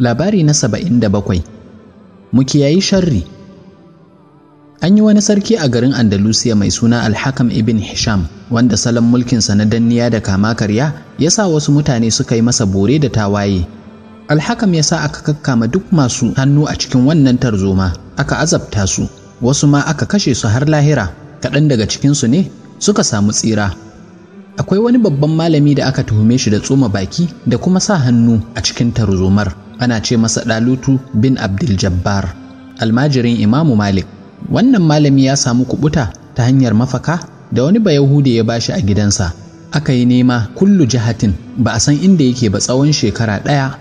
Labari na saba'in da bakwai kiyayi sharri An yi wani sarki a garin Andalusiya mai suna Alhakam ibn Hisham wanda salon mulkinsa na danniya da kama karya ya sa wasu mutane suka yi masa bore da tawaye. Alhakam ya sa aka kakkama duk masu hannu a cikin wannan tarzoma aka azabta su. wasu ma aka kashe su har lahira kaɗan daga cikinsu ne suka samu tsira akwai wani babban malami da aka tuhume shi da tsoma baki da kuma sa hannu a cikin tarzomar ana ce masa ɗalutu bin abdul jabbar almajirin imamu malik wannan malami ya samu kubuta ta hanyar mafaka da wani bayahude ya bashi a gidansa aka yi nema kullu jihatin ba a san inda yake ba tsawon shekara ɗaya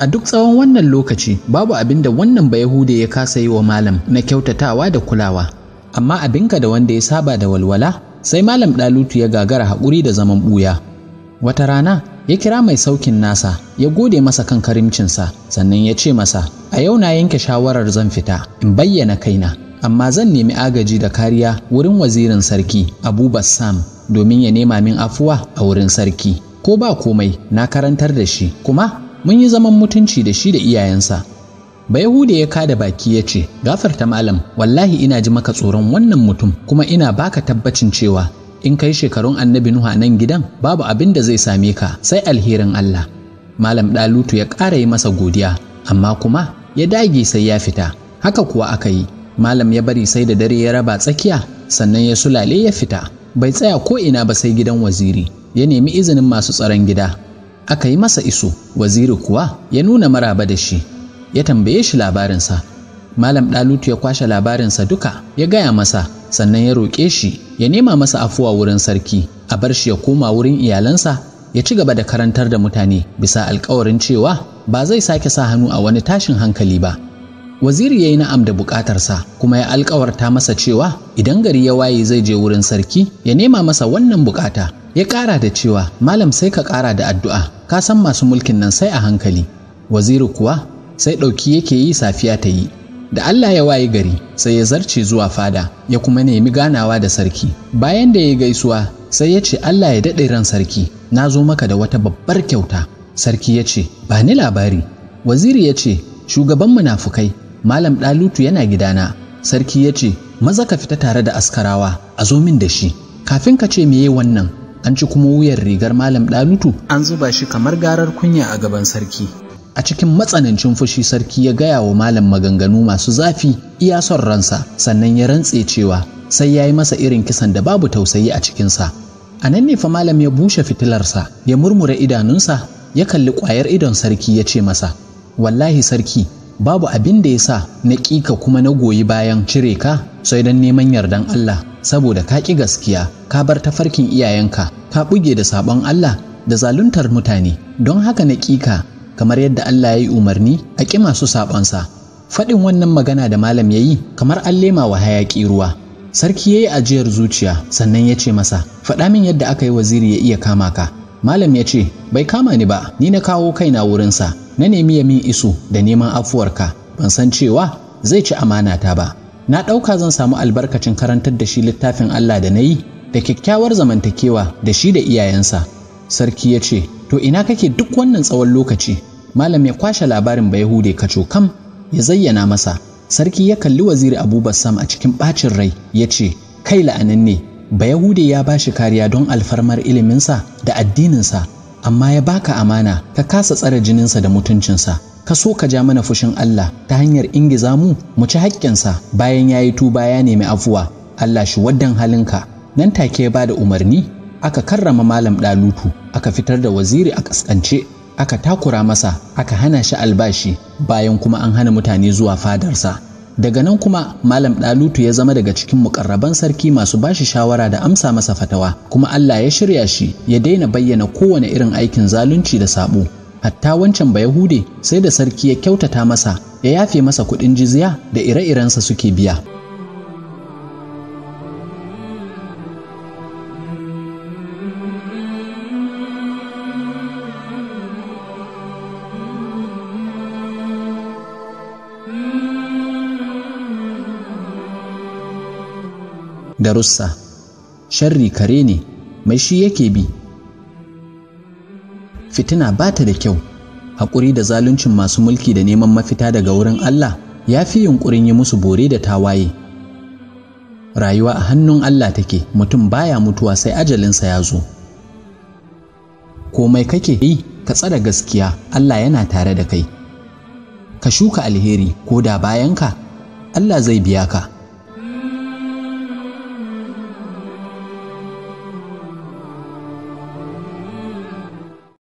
A duk tsawon wannan lokaci babu abin da wannan Bayahude ya kasa yi wa malam na kyautatawa da kulawa. Amma abinka da wanda ya saba da walwala sai malam ɗalutu ya gagara haƙuri da zaman ɓuya. Wata rana ya kira mai saukin nasa ya gode masa kan karimcinsa sannan ya ce masa a yau na yanke shawarar zan fita in bayyana kaina amma zan nemi agaji da kariya wurin wazirin sarki Abu Bassam domin ya nema min afuwa a wurin sarki. Ko ba komai na karantar da shi kuma mun yi zaman mutunci da shi da iyayensa bayahude ya kada baki ya ce gafarta malam wallahi ina ji maka tsoron wannan mutum kuma ina baka tabbacin cewa in kai shekarun annabi nuha nan gidan babu abin da zai same ka sai alherin allah malam ɗalutu ya ƙara yi masa godiya amma kuma ya dage sai ya fita haka kuwa aka yi malam ya bari sai da dare ya raba tsakiya sannan ya sulale ya fita bai tsaya ko ina ba sai gidan waziri ya nemi izinin masu tsaron gida aka yi masa iso waziri kuwa ya nuna maraba da shi ya tambaye shi labarinsa malam ɗalutu ya kwashe labarinsa duka ya gaya masa sannan ya roƙe shi ya nema masa afuwa wurin sarki a bar shi ya koma wurin iyalansa ya ci gaba da karantar da mutane bisa alkawarin cewa ba zai sake sa hannu a wani tashin hankali ba waziri ya yi na'am da buƙatarsa kuma ya alkawarta masa cewa idan gari ya waye zai je wurin sarki ya nema masa wannan buƙata ya ƙara da cewa malam sai ka ƙara da addu'a ka san masu mulkin nan sai a hankali waziri kuwa sai ɗauki yake yi safiya ta yi da Allah ya waye gari sai ya zarce zuwa fada ya kuma nemi ganawa da sarki bayan da ya gaisuwa sai ya ce Allah ya daɗe ran sarki na zo maka da wata babbar kyauta sarki ya ce ba ni labari waziri ya ce shugaban munafukai malam ɗalutu yana gidana sarki ya ce maza ka fita tare da askarawa a zo min da shi kafin ka ce me meye wannan an ci kuma wuyar rigar malam ɗalutu an zuba shi kamar garar kunya a gaban sarki a cikin matsanancin fushi sarki ya gaya wa malam maganganu masu zafi iya son ransa sannan ya rantse cewa sai ya yi masa irin kisan da babu tausayi a cikinsa a nan ne fa malam ya bushe fitilarsa ya murmura idanunsa ya kalli ƙwayar idon sarki ya ce masa wallahi sarki babu abin da ya sa na ƙika kuma na goyi bayan cire ka sai don neman yardan Allah saboda ka ƙi gaskiya ka bar tafarkin iyayenka ka buge da sabon Allah da zaluntar mutane don haka na ƙika kamar yadda Allah ya yi umarni a ƙi masu saɓonsa faɗin wannan magana da malam ya yi kamar an lema wa hayaƙi ruwa sarki ya yi ajiyar zuciya sannan ya ce masa faɗa min yadda aka yi waziri ya iya kama ka malam ya ce bai kama ni ba ni na kawo kaina wurinsa na nemi ya min iso da neman afuwarka ban san cewa zai ci amana ta ba na ɗauka zan samu albarkacin karantar da shi littafin Allah da na yi da kyakkyawar zamantakewa da shi da iyayensa. Sarki ya ce, To ina kake duk wannan tsawon lokaci? Malam ya kwashe labarin Bayahude kaco kam ya zayyana masa. Sarki ya kalli waziri Abubassam Sam a cikin ɓacin rai ya ce, Kai la'ananne, Bayahude ya ba shi kariya don alfarmar iliminsa da addininsa, amma ya baka amana ka kasa tsare jininsa da mutuncinsa. ka so ka ja mana fushin Allah ta hanyar ingiza mu mu ci haƙƙinsa bayan ya yi tuba ya nemi afuwa Allah shi waddan halinka nan take ya ba da umarni aka karrama malam ɗalutu aka fitar da waziri a ƙasƙance aka takura masa aka hana shi albashi bayan kuma an hana mutane zuwa fadarsa daga nan kuma malam ɗalutu ya zama daga cikin muƙarraban sarki masu bashi shawara da amsa masa fatawa kuma Allah ya shirya shi ya daina bayyana kowane irin aikin zalunci da sabo hatta wancan ba bayahude sai da sarki ya kyautata masa ya yafe masa kuɗin jizya da ire-irensa suke biya Darussa, sharri kare ne, mai shi yake bi. fitina ba ta da kyau haƙuri da zaluncin masu mulki da neman mafita daga wurin Allah ya fi yunƙurin yi musu bore da tawaye rayuwa a hannun Allah take mutum baya mutuwa sai ajalinsa ya zo komai kake yi ka tsara gaskiya Allah yana tare da kai ka shuka alheri ko da bayanka Allah zai biya ka